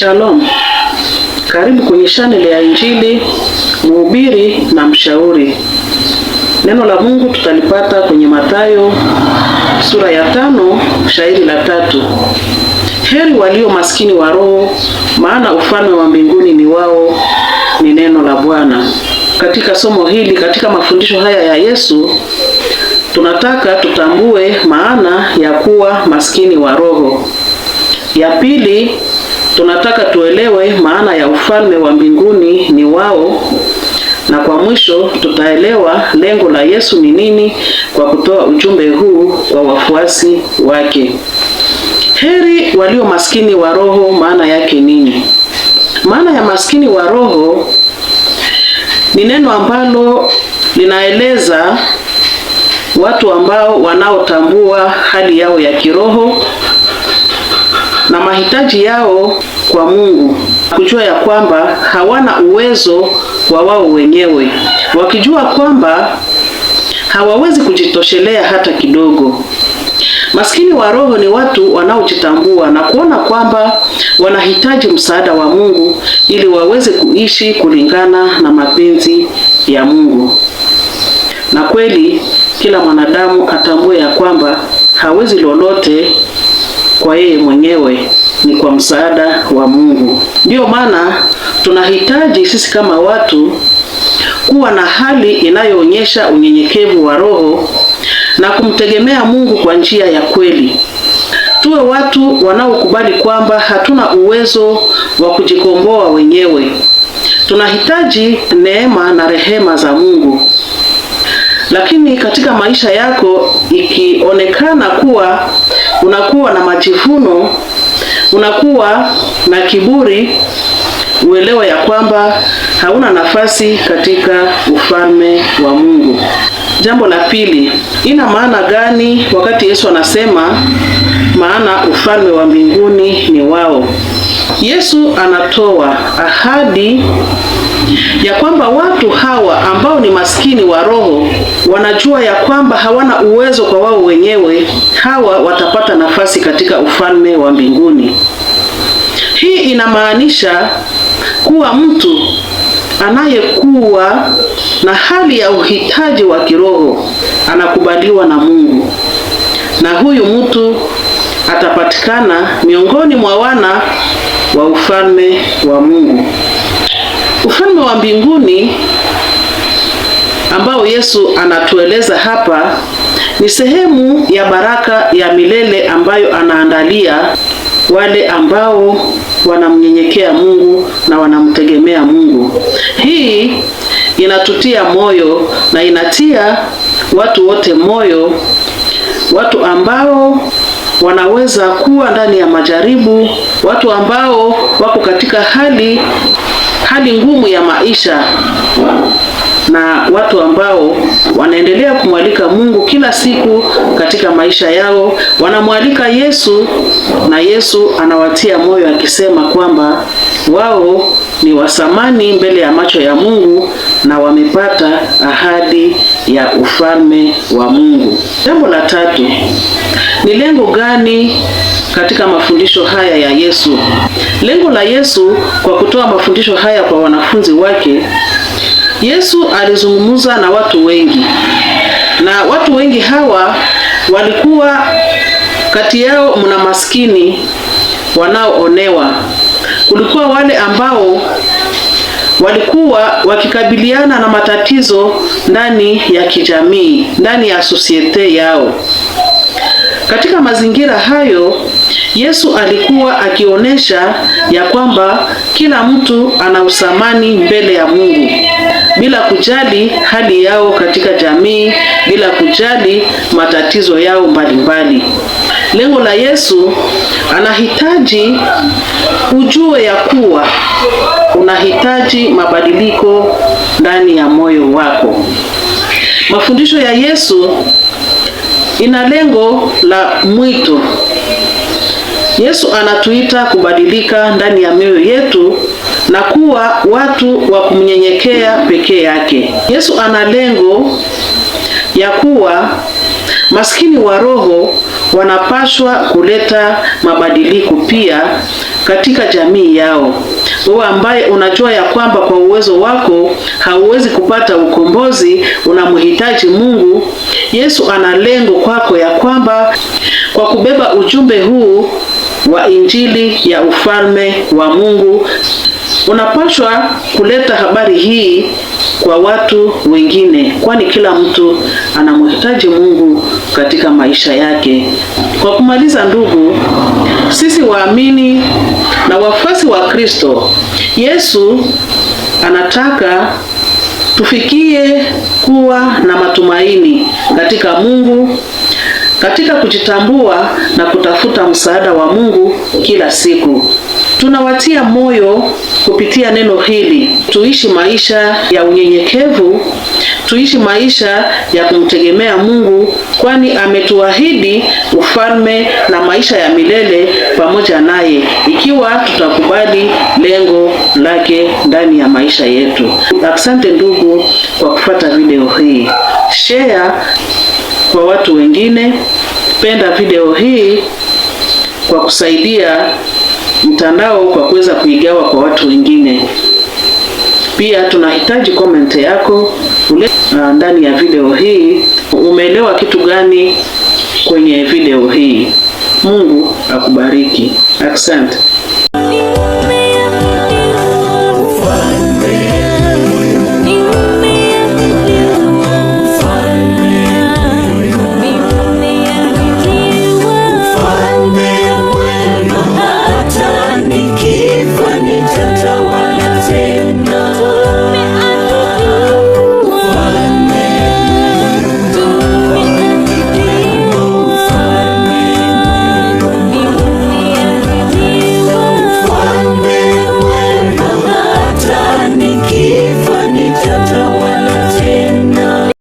Shalom, karibu kwenye chaneli ya Injili Mhubiri na Mshauri. Neno la Mungu tutalipata kwenye Mathayo sura ya tano shairi la tatu. Heri walio maskini wa roho, maana ufalme wa mbinguni ni wao, ni neno la Bwana. Katika somo hili, katika mafundisho haya ya Yesu, tunataka tutambue maana ya kuwa maskini wa roho. Ya pili, Tunataka tuelewe maana ya ufalme wa mbinguni ni wao, na kwa mwisho tutaelewa lengo la Yesu ni nini kwa kutoa ujumbe huu kwa wafuasi wake. Heri walio maskini wa roho, maana yake nini? Maana ya maskini wa roho ni neno ambalo linaeleza watu ambao wanaotambua hali yao ya kiroho na mahitaji yao kwa Mungu, kujua ya kwamba hawana uwezo wa wao wenyewe, wakijua kwamba hawawezi kujitoshelea hata kidogo. Maskini wa roho ni watu wanaojitambua na kuona kwamba wanahitaji msaada wa Mungu ili waweze kuishi kulingana na mapenzi ya Mungu. Na kweli kila mwanadamu atambue ya kwamba hawezi lolote kwa yeye mwenyewe, ni kwa msaada wa Mungu. Ndiyo maana tunahitaji sisi kama watu kuwa na hali inayoonyesha unyenyekevu wa roho na kumtegemea Mungu kwa njia ya kweli. Tuwe watu wanaokubali kwamba hatuna uwezo wa kujikomboa wenyewe. Tunahitaji neema na rehema za Mungu. Lakini katika maisha yako ikionekana kuwa unakuwa na majivuno, unakuwa na kiburi, uelewa ya kwamba hauna nafasi katika ufalme wa Mungu. Jambo la pili, ina maana gani wakati Yesu anasema maana ufalme wa mbinguni ni wao? Yesu anatoa ahadi ya kwamba watu hawa ambao ni maskini wa roho wanajua ya kwamba hawana uwezo kwa wao wenyewe, hawa watapata nafasi katika ufalme wa mbinguni. Hii inamaanisha kuwa mtu anayekuwa na hali ya uhitaji wa kiroho anakubaliwa na Mungu, na huyu mtu atapatikana miongoni mwa wana wa ufalme wa Mungu. Ufalme wa mbinguni ambao Yesu anatueleza hapa ni sehemu ya baraka ya milele ambayo anaandalia wale ambao wanamnyenyekea Mungu na wanamtegemea Mungu. Hii inatutia moyo na inatia watu wote moyo, watu ambao wanaweza kuwa ndani ya majaribu, watu ambao wako katika hali hali ngumu ya maisha na watu ambao wanaendelea kumwalika Mungu kila siku katika maisha yao, wanamwalika Yesu na Yesu anawatia moyo akisema kwamba wao ni wasamani mbele ya macho ya Mungu na wamepata ahadi ya ufalme wa Mungu. Jambo la tatu ni lengo gani katika mafundisho haya ya Yesu? Lengo la Yesu kwa kutoa mafundisho haya kwa wanafunzi wake, Yesu alizungumza na watu wengi, na watu wengi hawa walikuwa kati yao mna maskini wanaoonewa. Kulikuwa wale ambao walikuwa wakikabiliana na matatizo ndani ya kijamii, ndani ya sosiete yao. Katika mazingira hayo, Yesu alikuwa akionyesha ya kwamba kila mtu ana usamani mbele ya Mungu bila kujali hali yao katika jamii, bila kujali matatizo yao mbalimbali. Lengo la Yesu anahitaji ujue ya kuwa unahitaji mabadiliko ndani ya moyo wako. Mafundisho ya Yesu ina lengo la mwito. Yesu anatuita kubadilika ndani ya mioyo yetu na kuwa watu wa kumnyenyekea pekee yake. Yesu ana lengo ya kuwa maskini wa roho wanapashwa kuleta mabadiliko pia katika jamii yao. Wewe ambaye unajua ya kwamba kwa uwezo wako hauwezi kupata ukombozi, unamhitaji Mungu. Yesu ana lengo kwako ya kwamba kwa kubeba ujumbe huu wa Injili ya ufalme wa Mungu unapaswa kuleta habari hii kwa watu wengine, kwani kila mtu anamhitaji Mungu katika maisha yake. Kwa kumaliza, ndugu, sisi waamini na wafa wa Kristo. Yesu anataka tufikie kuwa na matumaini katika Mungu katika kujitambua na kutafuta msaada wa Mungu kila siku. Tunawatia moyo kupitia neno hili, tuishi maisha ya unyenyekevu, tuishi maisha ya kumtegemea Mungu, kwani ametuahidi ufalme na maisha ya milele pamoja naye, ikiwa tutakubali lengo lake ndani ya maisha yetu. Asante ndugu kwa kufuata video hii. Share kwa watu wengine, penda video hii kwa kusaidia mtandao kwa kuweza kuigawa kwa watu wengine. Pia tunahitaji comment yako ule uh, ndani ya video hii. Umeelewa kitu gani kwenye video hii? Mungu akubariki. Asante.